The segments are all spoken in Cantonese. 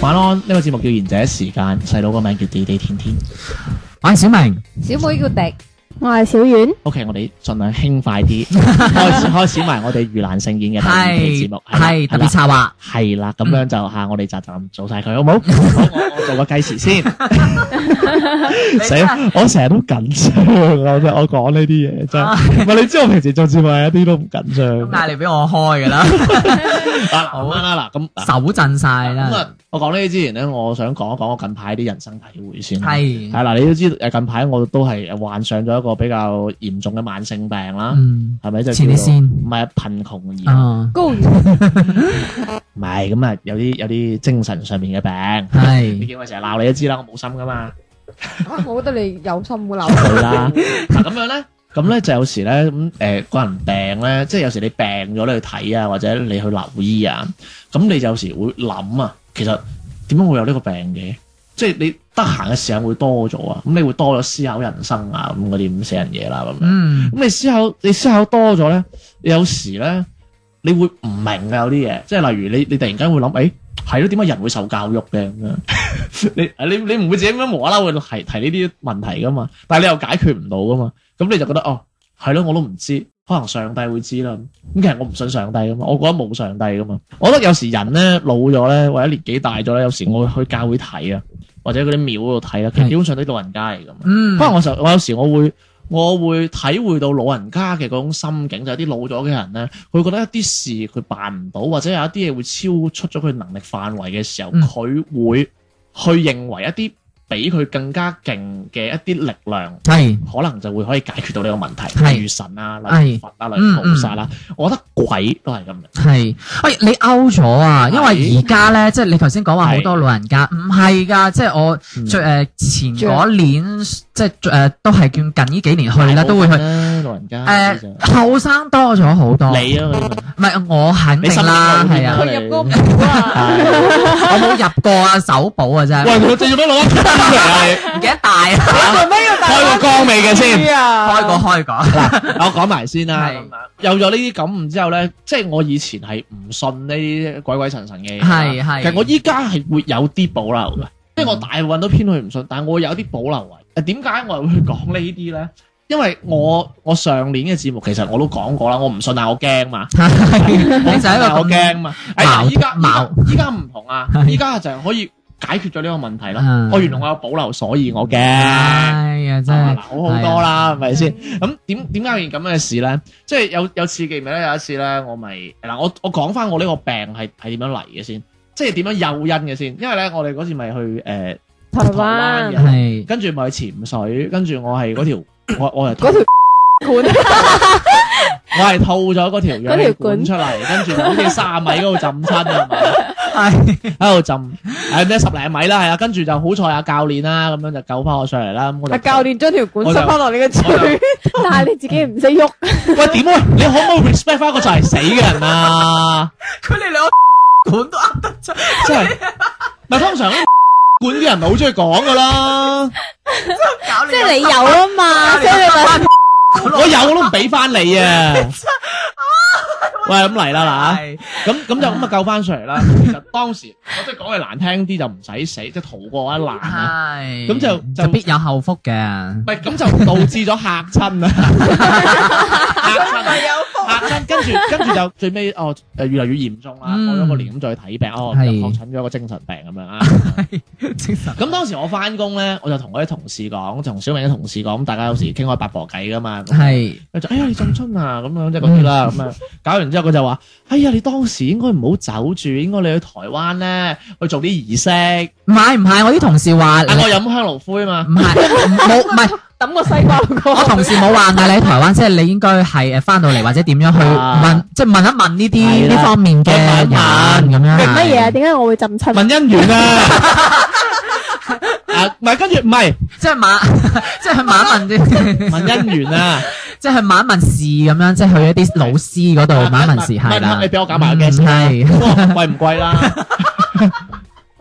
晚安！呢、這個節目叫《賢者時間》弟弟的，細佬個名叫「地地天天」。我係小明，小妹叫迪。我係小婉，OK，我哋盡量輕快啲，開始開始埋我哋盂蘭盛會嘅節目，係特別策劃，係啦，咁樣就吓，我哋就就做晒佢，好唔好？做個計時先，死，我成日都緊張，我我講呢啲嘢真，係你知我平時做節目一啲都唔緊張，但係你俾我開噶啦，好啦嗱，咁手震晒啦，我講呢啲之前咧，我想講一講我近排啲人生體會先，係，係啦，你都知，誒近排我都係患上咗一個。個比較嚴重嘅慢性病啦，係咪、嗯、就係叫做唔係貧窮而，唔係咁啊？有啲有啲精神上面嘅病，係是 你見我成日鬧你都知啦，我冇心噶嘛、 啊？我覺得你有心會鬧佢啦。嗱、啊，咁樣咧，咁咧就有時咧咁誒，個、呃、人病咧，即係有時你病咗你去睇啊，或者你去留醫啊，咁你就有時會諗啊，其實點解會有呢個病嘅？即係你。得閒嘅時間會多咗啊，咁、嗯、你會多咗思考人生啊，咁嗰啲咁死人嘢啦，咁樣，咁、嗯嗯、你思考你思考多咗咧，有時咧你會唔明啊，有啲嘢，即係例如你你突然間會諗，誒係咯，點解人會受教育嘅咁樣？你你你唔會自己咁樣無啦啦會提提呢啲問題噶嘛？但係你又解決唔到噶嘛？咁你就覺得哦係咯，我都唔知，可能上帝會知啦。咁其實我唔信上帝噶嘛，我覺得冇上帝噶嘛。我覺得有時人咧老咗咧，或者年紀大咗咧，有時我會去教會睇啊。或者嗰啲廟度睇啦，其實基本上都係老人家嚟㗎嘛。不過我成，我有時我會，我會體會到老人家嘅嗰種心境，就係、是、啲老咗嘅人咧，佢覺得一啲事佢辦唔到，或者有一啲嘢會超出咗佢能力範圍嘅時候，佢會去認為一啲，俾佢更加勁嘅一啲力量，係是可能就會可以解決到呢個問題。是例如神啊，例如佛啊，例如菩薩啦，啊嗯嗯、我覺得鬼都係咁樣。係，喂、哎，你 out 咗啊？因為而家咧，是即係你頭先講話好多老人家唔係㗎，即係我最誒、呃、前嗰年，嗯、即係誒、呃、都係叫近呢幾年去啦，都會去。誒，後生多咗好多，你啊，唔係我肯定啦，係啊，我冇入過啊，首保啊，真係，喂，我仲要乜攞一袋嚟啊？唔記得帶啊？你做咩要帶？開過光未嘅先？開過開過，我講埋先啦。咁樣有咗呢啲感悟之後咧，即係我以前係唔信呢啲鬼鬼神神嘅嘢，係係。其實我依家係會有啲保留嘅，即係我大運都偏去唔信，但我有啲保留位。誒，點解我會講呢啲咧？因為我我上年嘅節目其實我都講過啦，我唔信但我驚嘛，我就喺度，我驚嘛。依家依家唔同啊，依家就係可以解決咗呢個問題啦。我原來我有保留，所以我驚，哎呀真係嗱，好好多啦，係咪先？咁點點解有件咁嘅事咧？即係有有刺激咪咧？有一次咧，我咪嗱我我講翻我呢個病係係點樣嚟嘅先？即係點樣誘因嘅先？因為咧我哋嗰次咪去誒台灣，係跟住咪去潛水，跟住我係嗰條。我我又條管， 我係套咗嗰條氧氣管出嚟，跟住好似三米嗰度浸親啊，係喺度浸，誒咩、 哎、十零米啦，係啊，跟住就好彩阿教練啦、啊，咁樣就救翻我上嚟啦，咁我就教練將條管塞翻落你嘅嘴， 但係你自己唔識喐。喂，點啊？你可唔可以 respect 翻個就係死嘅人啊？佢哋兩個管都得，真係是，咪 通常。管啲人好中意講噶啦， 即係你有啊嘛，我有我都唔俾翻你， 你啊。咁嚟啦嗱，咁咁就咁啊救翻出嚟啦。其實當時我即係講句難聽啲就唔使死，即係逃過一難。咁就就必有後福嘅。唔咁就導致咗嚇親啊！嚇親係有福。嚇親，跟住跟住就最尾哦，越嚟越嚴重啦。過咗個年咁再睇病，哦又確診咗個精神病咁樣啊。咁當時我翻工咧，我就同我啲同事講，就同小明啲同事講，咁大家有時傾開八婆偈噶嘛。係。就哎呀你震親啊咁樣，即係嗰啲啦咁啊，搞完之後。佢就話：哎呀，你當時應該唔好走住，應該你去台灣咧去做啲儀式。唔係唔係，我啲同事話，我飲香爐灰啊嘛。唔係冇，唔係抌個西瓜哥。 我同事冇話，但你喺台灣，即係你應該係誒翻到嚟或者點樣去問， 即係問一問呢啲呢方面嘅人咁樣。乜嘢啊？點解我會浸親？問姻緣啊！ 啊，唔係，跟住唔係，即係問，即係去問一問問姻緣啊，即係去問一問事咁樣，即係去一啲老師嗰度問一問事係啦。你俾我夾埋嘅，係貴唔貴啦？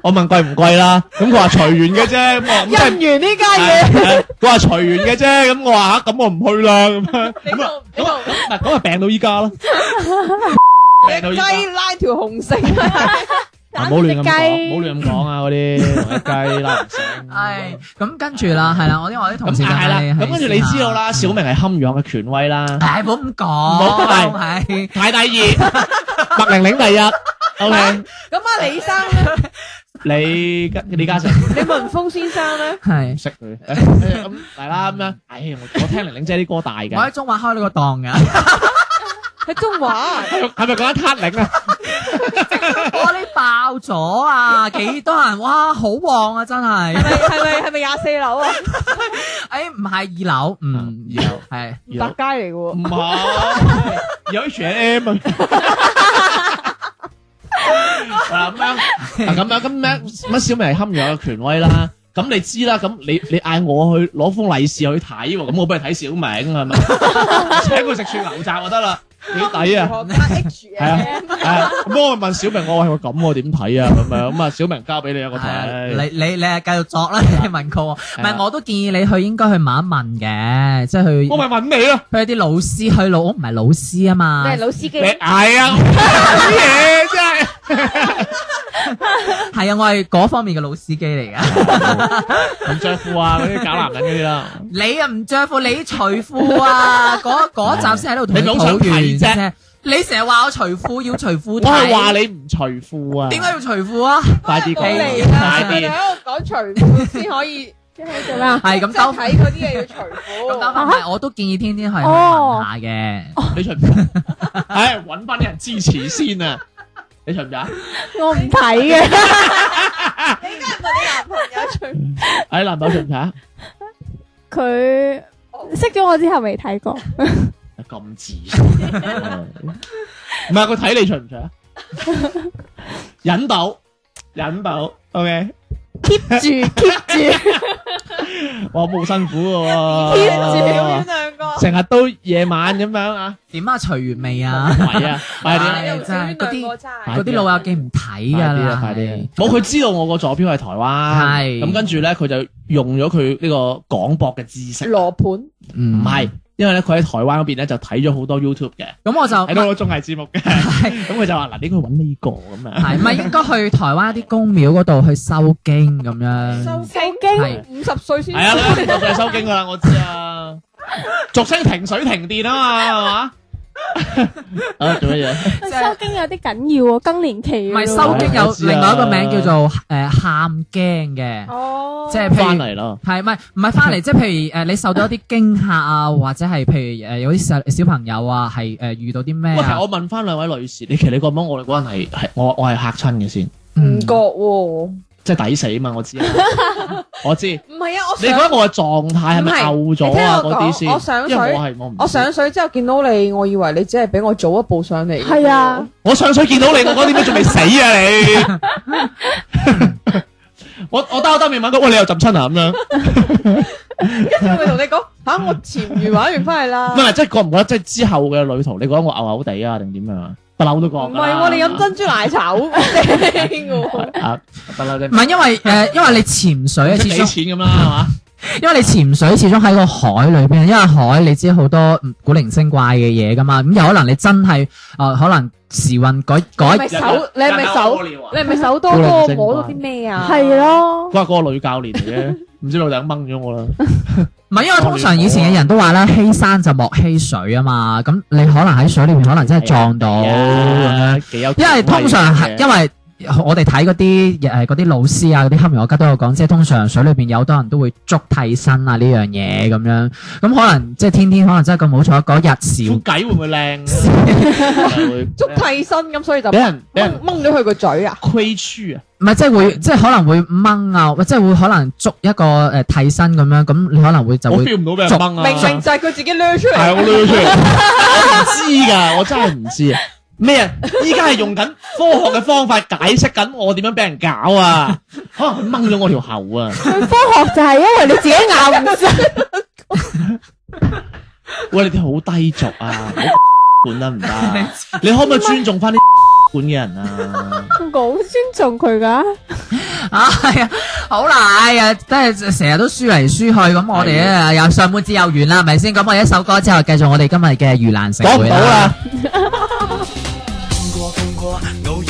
我問貴唔貴啦？咁佢話隨緣嘅啫，咁我姻緣呢家嘢，佢話隨緣嘅啫。咁我話吓，咁我唔去啦咁樣。咁啊咁啊咁啊，咁啊病到依家啦，病到依家拉條紅繩。唔好亂咁講，唔好亂咁講啊！嗰啲雞啦，係咁跟住啦，係啦，我啲我啲同事就係啦。咁跟住你知道啦，小明係堪輿嘅權威啦。係唔好咁講，唔好係排第二，麥玲玲第一，OK。咁阿李生，李李嘉誠，李文峰先生咧，係唔識佢咁嚟啦咁樣。唉，我聽玲玲姐啲歌大嘅，我喺中華開呢個檔噶，喺中華係咪嗰一灘嶺啊？我哋爆咗啊！幾多人哇？好旺啊！真係係咪係咪係咪廿四樓啊？誒，唔係二樓，嗯，二樓係大街嚟嘅，唔係有 H&M A 啊！咁樣咁樣咁咩乜小明係堪輿嘅權威啦，咁你知啦，咁你你嗌我去攞封利是去睇，咁我俾你睇小明係咪，請佢食串牛雜就得啦。幾抵啊！係啊，咁我問小明，我話咁我點睇啊？咁樣咁啊，小明交俾你啊，我睇。你你你係繼續作啦！你問佢，唔係我都建議你去，應該去問一問嘅，即係去。我咪問你咯。去啲老師，佢老屋唔係老師啊嘛。你係老司機。係啊，啲嘢真係。係啊，我係嗰方面嘅老司機嚟噶。唔在乎啊，嗰啲搞男人嗰啲啦。你啊唔在乎？你財富啊？嗰嗰集先喺度同你講。啫，你成日話我除褲要除褲，我係話你唔除褲啊！點解要除褲啊？快啲講，快啲！我講除褲先可以，先可以做咩啊？係咁，都睇嗰啲嘢要除褲。咁等翻，我都建議天天去問下嘅。你除唔？唉，搵翻啲人支持先啊！你除唔睇？我唔睇嘅。你梗係問啲男朋友除？哎，男朋友除唔睇啊？佢識咗我之後未睇過。咁自信，唔係佢睇你馴唔馴啊？引導，引導，OK，keep 住，keep 住。我好辛苦喎，成日都夜晚咁樣啊？點啊？馴完未啊？嗰啲老友記唔睇噶啦，快啲，快啲，冇佢知道我個左邊係台灣，係，咁跟住咧，佢就用咗佢呢個廣博嘅知識，羅盤唔係。因為咧佢喺台灣嗰邊咧就睇咗好多 YouTube 嘅，咁、嗯、我就睇到個綜藝節目嘅，咁佢麼、嗯、就話嗱，你 應該揾呢個咁樣，係唔係應該去台灣啲公廟嗰度去收驚咁樣？收驚五十歲先係啊，五十歲收驚噶啦，我知啊， 俗稱停水停電啊嘛！ 係嘛？ 啊做乜嘢？即係、收驚有啲緊要喎，更年期、啊。唔係收驚有另外一個名叫做誒喊驚嘅。呃、哦，即係翻嚟咯。係唔係唔係翻嚟？即係譬如誒，你受到一啲驚嚇啊，或者係譬如誒、呃，有啲細小，小朋友啊，係誒、呃、遇到啲咩、啊？唔係我問翻兩位女士，你其實你覺唔覺我哋嗰陣係係我我係吓親嘅先？唔、嗯、覺喎、哦。即係抵死啊嘛！我知，我知。唔係啊！我你覺得我嘅狀態係咪漚咗啊？嗰啲先。我上水，因為我係我唔。我上水之後見到你，我以為你只係俾我早一步上嚟。係啊。我上水見到你，我講點解仲未死啊？你。 我我兜兜面問佢，喂、哎，你又浸親 啊？咁樣。跟住佢同你講吓，我潛魚玩完翻嚟啦。唔係、啊，即係覺唔覺得,覺得即係之後嘅旅途？你覺得我漚漚地啊，定點樣啊？不嬲都講，唔係我哋飲珍珠奶茶好正喎，啊 不嬲啫，唔係因為誒、呃、因為你潛水一次俾錢咁啦係嘛？因為你潛水始終喺個海裏邊，因為海你知好多古靈精怪嘅嘢噶嘛，咁有可能你真係誒可能時運改改，你係咪手你係咪手你係咪手多哥摸到啲咩啊？係咯，怪嗰個女教練嚟嘅，唔知老頂掹咗我啦。唔係，因為通常以前嘅人都話咧，欺山就莫欺水啊嘛，咁你可能喺水裏邊可能真係撞到，因為通常係因為。我哋睇嗰啲誒啲老師啊，啲黑人，我而家都有講，即係通常水裏邊有好多人都會捉替身啊呢樣嘢咁樣，咁可能即係天天可能真係咁好彩，嗰日少。估計會唔會靚？捉替身咁，所以就俾人俾人掹咗佢個嘴啊？虧啊！唔係即係會，即係可能會掹啊，即係會可能捉一個誒替身咁樣，咁你可能會就會捉。明明就係佢自己孭出嚟。係我孭出嚟。我唔知㗎，我真係唔知。咩啊！依家係用緊科學嘅方法解釋緊我點樣俾人搞啊！佢掹咗我條喉啊！ 科學就係因為你自己咬唔實。喂，你哋好低俗啊！管得唔得？你可唔可以尊重翻啲管嘅人啊？我 尊重佢噶、啊 哎。哎呀，好難呀，真係成日都輸嚟輸去。咁我哋啊，又上半節又完啦，係咪先？咁我哋一首歌之後，繼續我哋今日嘅《盂蘭盛會》啦。講唔到啦。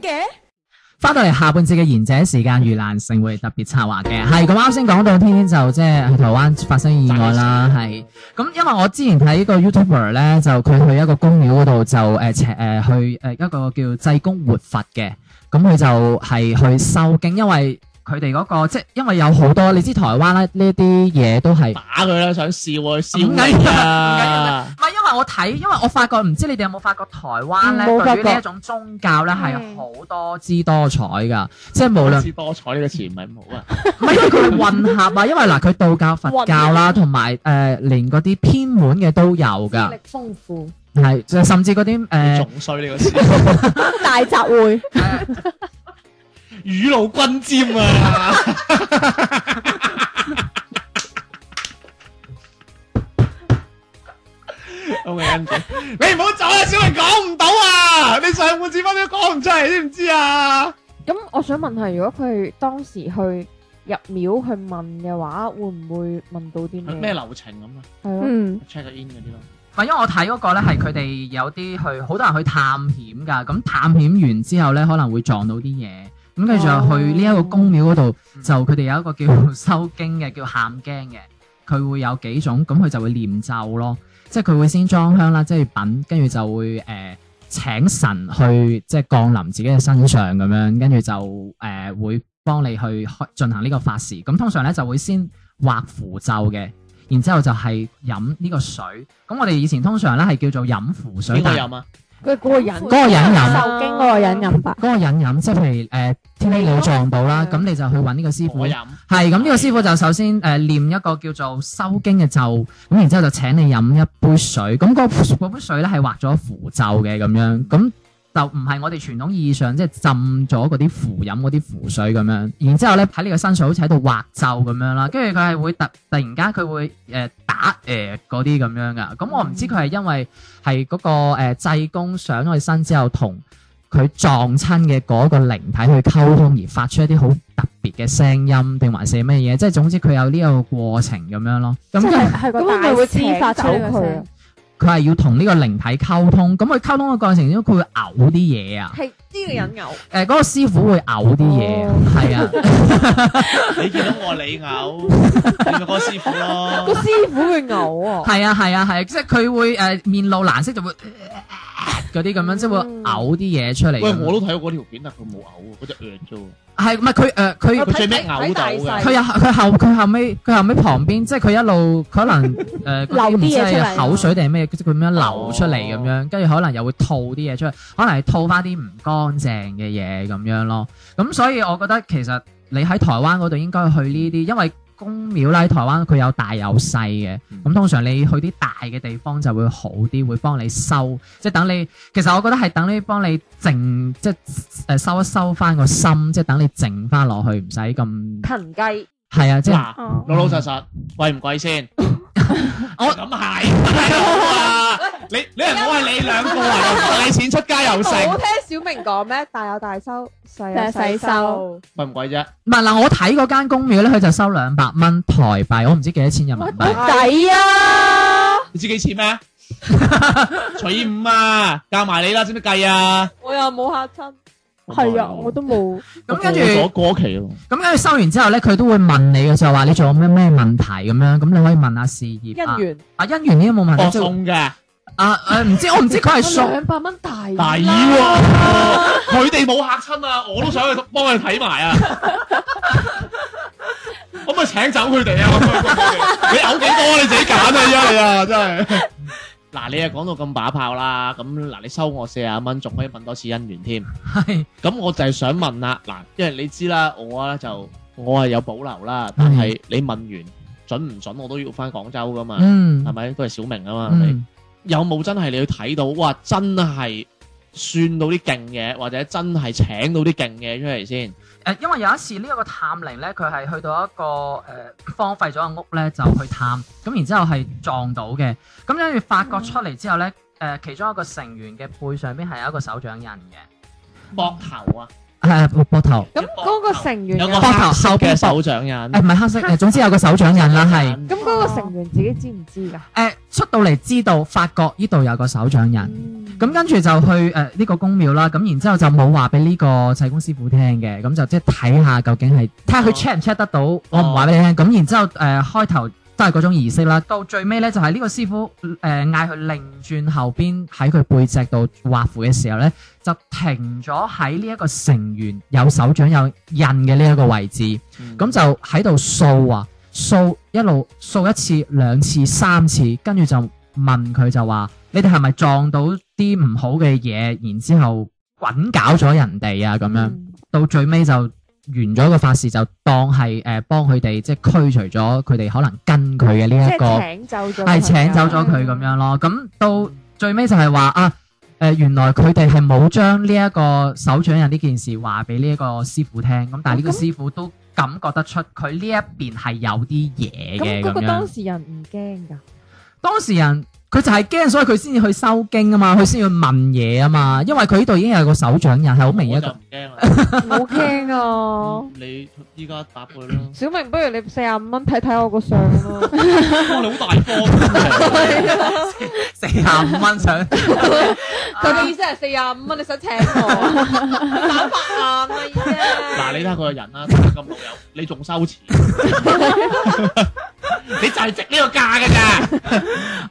嘅，翻到嚟下半節嘅賢者時間盂蘭盛會特別策劃嘅，係咁啱先講到天天就即係、就是、台灣發生意外啦，係咁因為我之前睇個 YouTuber 咧就佢去一個公廟嗰度就誒誒、呃呃、去誒、呃、一個叫濟公活佛嘅，咁佢就係去受經，因為。佢哋嗰個即係因為有好多，你知台灣咧呢啲嘢都係打佢啦，想笑閃鬼點解？唔係因為我睇，因為我發覺唔知你哋有冇發覺台灣咧，對於呢一種宗教咧係好多姿多彩噶，即係無論姿多彩呢個詞唔係咁好啊，唔係因為佢混合啊，因為嗱佢道教、佛教啦，同埋誒連嗰啲偏門嘅都有噶，經歷豐富係，甚至嗰啲誒總衰呢個詞大集會。雨露均沾啊！o 未跟住你唔好走啊！小明講唔到啊！你上半字分都講唔出嚟，知唔知啊？咁、嗯、我想問下，如果佢當時去入廟去問嘅話，會唔會問到啲咩流程咁啊？係咯、嗯、check in 嗰啲咯。唔係，因為我睇嗰個咧係佢哋有啲去好多人去探險噶。咁探險完之後咧，可能會撞到啲嘢。跟住、嗯、就去呢一個宮廟嗰度，就佢哋有一個叫收經嘅，叫喊經嘅，佢會有幾種，咁佢就會念咒咯，即係佢會先裝香啦，即係品，跟住就會誒、呃、請神去，即係降臨自己嘅身上咁樣，跟住就誒、呃、會幫你去進行呢個法事。咁通常咧就會先畫符咒嘅，然之後就係飲呢個水。咁我哋以前通常咧係叫做飲符水。邊個飲啊？佢嗰個引嗰個引飲嗰個引飲吧。嗰個引飲，即係譬如誒，呃、天氣佬撞到啦，咁對你就去揾呢個師傅飲。係咁是，呢的個師傅就首先誒唸一個叫做收驚嘅咒，咁然之後就請你飲一杯水，咁、那、嗰、個、杯水咧係畫咗符咒嘅咁樣，咁。就唔係我哋傳統意義上，即係浸咗嗰啲符飲，飲嗰啲符水咁樣，然之後咧喺呢個身上好似喺度畫咒咁樣啦，跟住佢係會突突然間佢會誒、呃、打誒嗰啲咁樣噶，咁我唔知佢係因為係嗰個誒濟公上咗去身之後，同佢撞親嘅嗰個靈體去溝通而發出一啲好特別嘅聲音，定還是乜嘢？即係總之佢有呢個過程咁樣咯。咁係個大師發出嘅聲。佢係要同呢個靈體溝通，咁佢溝通嘅過程中，佢會嘔啲嘢啊。呢個人嘔，誒嗰個師傅會嘔啲嘢，係啊！你見到我你嘔，見到嗰個師傅咯，個師傅會嘔啊！係啊係啊係，即係佢會誒面露藍色就會嗰啲咁樣，即係會嘔啲嘢出嚟。喂，我都睇過嗰條片啊，但佢冇嘔啊，嗰隻樣啫喎。係唔係佢誒佢最尾嘔豆嘅？佢又佢後佢後尾佢後尾旁邊，即係佢一路可能誒流啲嘢出嚟，唔知係口水定係咩？即係佢咁樣流出嚟咁樣，跟住可能又會吐啲嘢出嚟，可能係吐翻啲唔乾乾淨嘅嘢咁樣咯，咁所以我覺得其實你喺台灣嗰度應該去呢啲，因為宮廟啦，台灣佢有大有細嘅，咁通常你去啲大嘅地方就會好啲，會幫你收，即係等你。其實我覺得係等你幫你靜，即係收一收翻個心，即係等你靜翻落去，唔使咁騰雞。係啊，即嗱、嗯，老老實實，貴唔貴先？我咁係啊，你你係我係你兩個 啊，你錢出街又剩。我聽小明講咩？大有大收，細有細收，貴唔貴啫？唔係嗱，我睇嗰間公廟咧，佢就收兩百蚊台幣，我唔知幾多錢人民幣。抵啊！你知幾錢咩？取五 啊，加埋你啦，知唔知計啊！我又冇吓親。係啊，我都冇。咁跟住過期咯。咁跟住收完之後咧，佢都會問你嘅，就話你仲有咩咩問題咁樣。咁你可以問下事業姻緣啊，姻緣你有冇問、啊？我送嘅。啊誒是嗎，唔知我唔知佢係送兩百蚊大禮。佢哋冇吓親啊，我都想去幫佢睇埋啊。可唔可以請走佢哋啊的的？你有幾多、多、多、多 你自己揀啊，依家啊真係。嗱，你又講到咁把炮啦，咁嗱，你收我四啊蚊，仲可以問多次姻緣添。係，咁我就係想問啦，嗱，因為你知啦，我咧就我係有保留啦，但係你問完準唔準，我都要翻廣州噶嘛，係咪？都係小明啊嘛，有冇真係你睇到哇？真係算到啲勁嘢，或者真係請到啲勁嘢出嚟先？誒，因為有一次呢一個探靈咧，佢係去到一個誒、呃、荒廢咗嘅屋咧，就去探，咁然之後係撞到嘅，咁跟住發覺出嚟之後咧，誒、呃、其中一個成員嘅背上邊係有一個手掌印嘅，膊頭啊。係，膊膊頭。咁嗰膀個成員有，有個手嘅手掌印，誒，唔係、啊、黑色，誒，總之有個手掌印啦，係。咁嗰是個成員自己知唔知噶？誒、哦欸，出到嚟知道，發覺呢度有個手掌印，咁、嗯嗯、跟住就去誒呢、呃這個公廟啦，咁然之後就冇話俾呢個濟公師傅聽嘅，咁就即係睇下究竟係睇下佢 check 唔 check 得到，哦、我唔話俾你聽，咁、哦、然之後誒、呃、開頭。都係嗰種儀式啦。到最尾呢，就係、是、呢個師傅誒嗌佢擰轉後邊喺佢背脊度畫符嘅時候呢，就停咗喺呢一個成員有手掌有印嘅呢一個位置，咁、嗯、就喺度掃啊掃一路掃一次兩次三次，跟住就問佢就話：你哋係咪撞到啲唔好嘅嘢，然之後滾搞咗人哋啊？咁樣、嗯、到最尾就。完咗個法事就當係誒幫佢哋即係驅除咗佢哋可能跟佢嘅呢一個，係、嗯、請走咗佢咁樣咯。咁到最尾就係話啊，誒、呃、原來佢哋係冇將呢一個手掌印呢件事話俾呢一個師傅聽。咁但係呢個師傅都感覺得出佢呢一邊係有啲嘢嘅咁樣。咁個當事人唔驚噶，當事人。佢就係驚，所以佢先要去收驚啊嘛，佢先要問嘢啊嘛，因為佢呢度已經有個手掌人，係好明顯就唔驚，好驚啊！你依家答佢啦。小明，不如你四十五蚊睇睇我個相咯。你好大方，四十五蚊相。佢嘅意思係四十五蚊，你想請我攬百萬係啊？嗱，你睇下佢個人啦，咁老友，你仲收錢？你就係值呢個價㗎咋。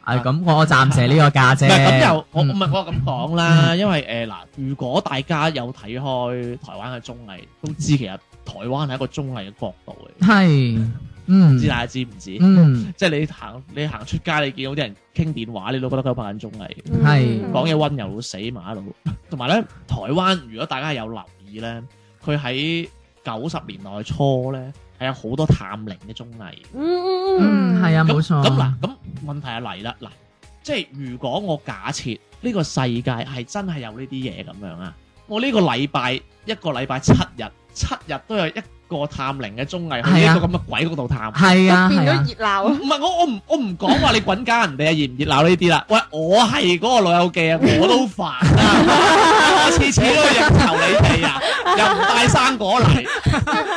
係咁。我暫時呢個價值、嗯，咁又我唔係我咁講啦，嗯嗯、因為誒嗱、呃，如果大家有睇開台灣嘅綜藝，都知其實台灣係一個綜藝嘅國度嚟，係，唔、嗯、知大家知唔知？嗯、即係你行你行出街，你見到啲人傾電話，你都覺得佢拍緊綜藝，係講嘢温柔到死，馬路。同埋咧，台灣如果大家有留意咧，佢喺九十年代初咧，係有好多探靈嘅綜藝，嗯嗯嗯，係、嗯、啊，冇那錯。咁嗱，咁問題又嚟啦，嗱。即係如果我假設呢、呢個世界係真係有呢啲嘢咁樣啊，我呢個禮拜一個禮拜七日，七日都有一個探靈嘅綜藝去一個咁嘅鬼屋度探，啊，變咗熱鬧。唔係、啊啊、我我唔我唔講話你滾家人哋啊熱唔熱鬧呢啲啦，喂我係嗰個老友記啊我都煩啊，我 次次都應酬你哋啊，又唔帶生果嚟，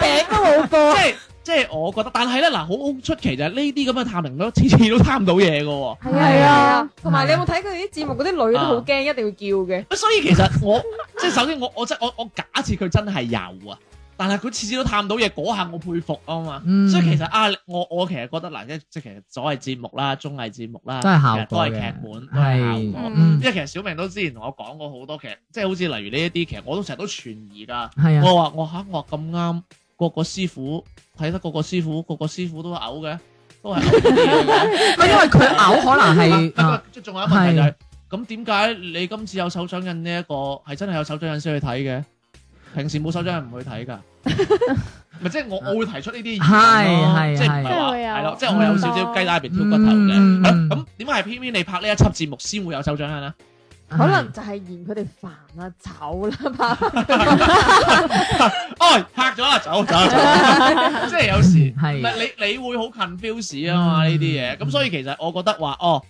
餅 都好多。 即係我覺得，但係咧嗱，好出奇就係呢啲咁嘅探靈都次次都探唔到嘢嘅喎。係啊，同埋你有冇睇佢哋啲節目？嗰啲女都好驚，一定要叫嘅。所以其實我即係首先，我我即係我我假設佢真係有啊，但係佢次次都探到嘢，嗰下我佩服啊嘛。所以其實啊，我我其實覺得嗱，即即係其實所謂節目啦，綜藝節目啦，都係都係劇本，係效果。因為其實小明都之前同我講過好多，其實即係好似例如呢一啲，其實我都成日都存疑㗎。我話我嚇，我話咁啱。個個師傅睇得個個師傅，個師傅個師傅都嘔嘅，都係， 因為佢嘔可能係，咁啊， 即係仲有一個問題就係、是，咁點解你今次有手掌印呢一個係真係有手掌印先去睇嘅，平時冇手掌印唔去睇噶，咪即係我我會提出呢啲意見咯、啊， 即係唔係話，係咯，即係我有少少雞蛋入面挑骨頭嘅，咁咁點解係偏偏你拍呢一輯節目先會有手掌印咧？可能就係嫌佢哋煩啦，走啦嘛！哦，拍咗啦，走走走，即係有時。係咪你你會好近 feel 市啊嘛？呢啲嘢咁，所以其實我覺得話哦，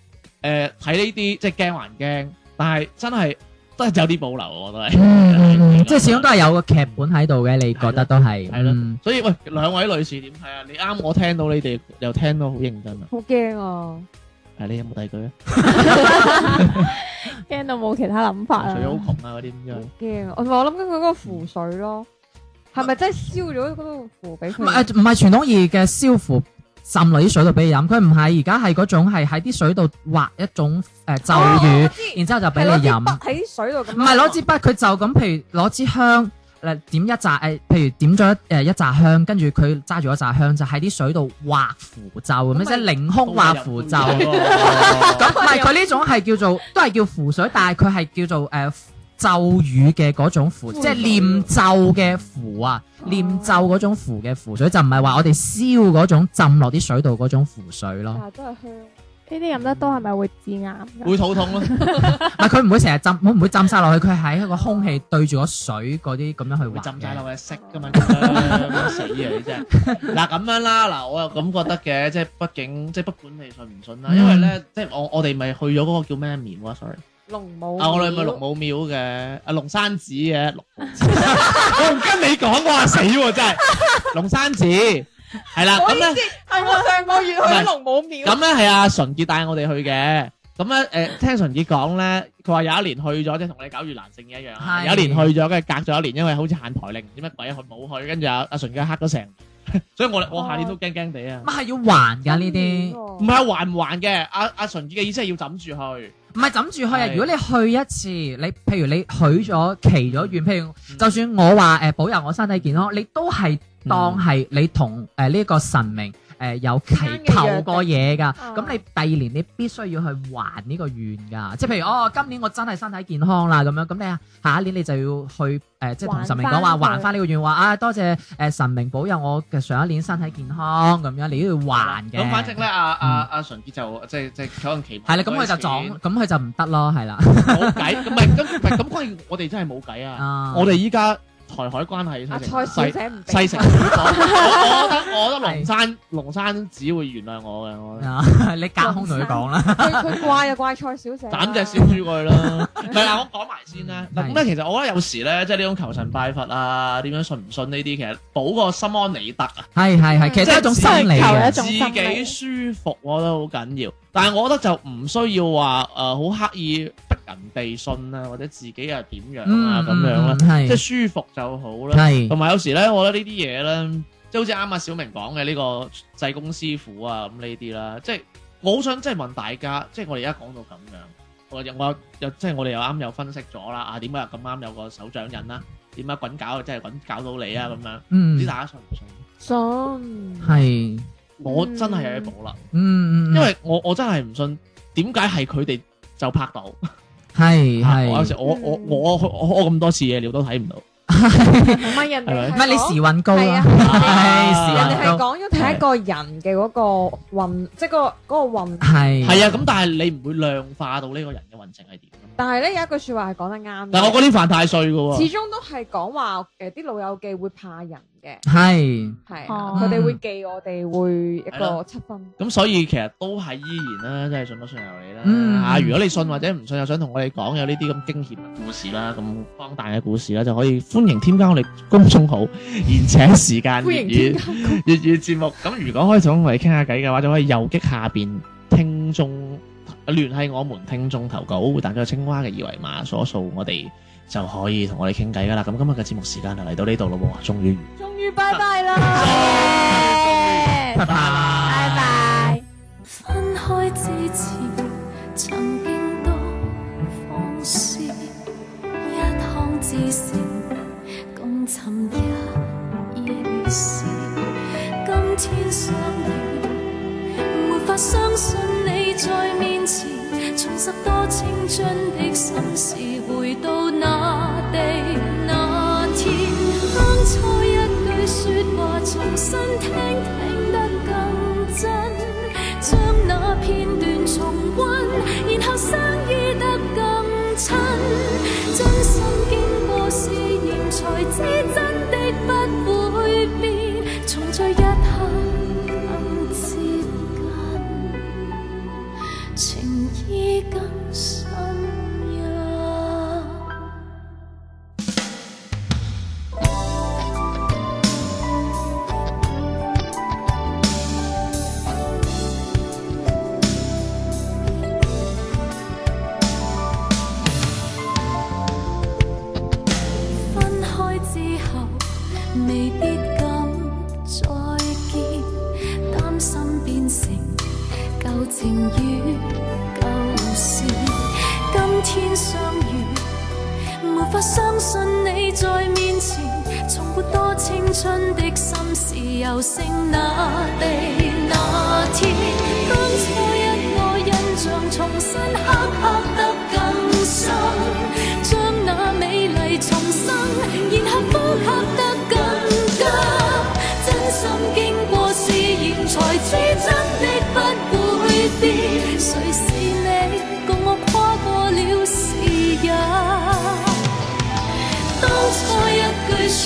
誒睇呢啲即係驚還驚，但係真係真係有啲保留，我覺得係。嗯嗯嗯。即係始終都係有個劇本喺度嘅，你覺得都係。係咯。所以，喂，兩位女士點睇啊？你啱我聽到你哋又聽到好認真啊！好驚啊！係你有冇第二句咧？驚 到冇其他諗法啦，除咗好窮啊嗰啲咁樣。驚，我我諗緊佢嗰個符水咯，係咪、啊、真係燒咗嗰個符俾佢？唔係唔係傳統意義嘅燒符，浸落啲水度俾你飲。佢唔係而家係嗰種係喺啲水度畫一種誒咒語，哦、然之後就俾你飲。喺水度，唔係攞支筆，佢就咁譬如攞支香。嗱，點一紮誒，譬如點咗誒一扎香，跟住佢揸住一扎香就喺、是、啲水度畫符咒咁樣，即係凌空畫符咒。咁唔係，佢呢種係叫做都係叫符水，但係佢係叫做誒、呃、咒語嘅嗰種符，即係念咒嘅符啊，啊念咒嗰種符嘅符水就唔係話我哋燒嗰種浸落啲水度嗰種符水咯。啊、都係香。呢啲飲得多係咪會致癌？會肚痛咯。唔係佢唔會成日浸，我唔會浸晒落去。佢係一個空氣對住個水嗰啲咁樣去玩。會浸晒落去色噶嘛？咁死啊！你真係嗱咁樣啦，嗱我又咁覺得嘅，即係畢竟即係，不管你信唔信啦。因為咧，即係我我哋咪去咗嗰個叫咩廟？sorry，龍母啊，我哋咪龍母廟嘅，阿龍山寺嘅，我唔跟你講，我話死喎真係龍山寺。係啦，咁咧係我上個月去龍母廟，咁咧係阿純杰帶我哋去嘅，咁咧誒聽純杰講咧，佢話有一年去咗即係，同你搞越南性嘢一樣，的有一年去咗，跟住隔咗一年，因為好似限台令，唔知乜鬼，佢冇去，跟住阿阿純杰黑咗成， 所以我、哦、我下年都驚驚哋。啊、哦，咪係 要還噶呢啲，唔係、嗯哦、還唔還嘅，阿阿純杰嘅意思係要枕住去。唔係諗住去啊！的如果你去一次，你譬如你許咗、祈咗願，嗯、譬如就算我話誒、呃、保佑我身體健康，你都係當係你同誒呢、呃這個神明。誒，有祈求過嘢噶，咁你第二年你必須要去還呢個願噶，即係譬如哦，今年我真係身體健康啦，咁樣，咁你啊，下一年你就要去誒，即係同神明講話還翻呢個願，話啊多謝誒神明保佑我嘅上一年身體健康，咁樣你都要還嘅。咁反正咧，阿阿阿純杰就即係即係想祈，係啦，咁佢就撞，咁佢就唔得咯，係啦，冇計，咁咪咁咪咁，關我哋真係冇計啊，我哋依家。台海關係，細細食我覺得我覺得龍山是龍山只會原諒我嘅，我覺得， 你隔空同佢講啦。佢 怪就怪，怪蔡小姐，啊，斬隻小豬佢咯。唔係嗱，我講埋先啦。咁咧，嗯，其實我覺得有時咧，即係呢種求神拜佛啊，點樣信唔信呢啲，其實補個心安理得啊。係係係，其實係一種心理一、啊、嘅，自己舒服我覺得好緊要。但係我覺得就唔需要話誒好刻意。人地信啊，或者自己又點樣啊，咁樣啦，即係舒服就好啦。係，同埋有時咧，我覺得呢啲嘢咧，即係好似啱阿小明講嘅呢個濟公師傅啊，咁呢啲啦，即係我好想即係問大家，即係我哋而家講到咁樣，我有我有即係我哋又啱又分析咗啦，啊，點解咁啱有個手掌印啦？點解滾搞即係滾搞到你啊？咁樣，唔知大家信唔信？信係，我真係有啲保留，嗯，因為我我真係唔信，點解係佢哋就拍到？係係，啊、我有時、嗯、我我我我咁多次嘢，你都睇唔到。冇乜人，唔係 你時運高、啊。係啊，係 時運高人哋係講咗睇一個人嘅嗰個運，即係個嗰個運。係啊，咁、啊、但係你唔會量化到呢個人嘅運程係點。但係咧有一句説話係講得啱。但係我嗰啲犯太歲嘅喎、啊。始終都係講話誒啲老友記會怕人。係係，佢哋會記我哋會一個七分。咁所以其實都係依然啦，即係信不信由你啦。吓，如果你信或者唔信，又想同我哋講有呢啲咁驚險嘅故事啦，咁荒誕嘅故事啦，就可以歡迎添加我哋公眾號，賢者時間粵語粵語節目。咁如果可以想同我哋傾下偈嘅話，就可以右擊下邊聽眾聯繫我們聽眾投稿，彈咗個青蛙嘅二維碼掃掃我哋。就可以同我哋傾偈噶啦，咁今日嘅節目時間就嚟到呢度咯喎，終於，終於拜拜啦， 拜拜，拜拜。拾多青春的心事，回到那地那天，當初一句說話，重新聽，聽得更真，將那片段重溫，然後相遇。情與舊事，今天相遇，沒法相信你在面前。重沒多青春的心事，猶剩那地那天。當初一個印象，重新刻刻。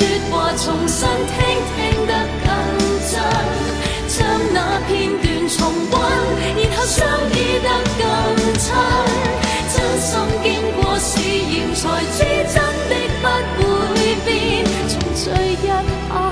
說話重新聽，聽得更真。將那片段重溫，然後相依得更親。真心經過試驗，才知真的不會變。從最一開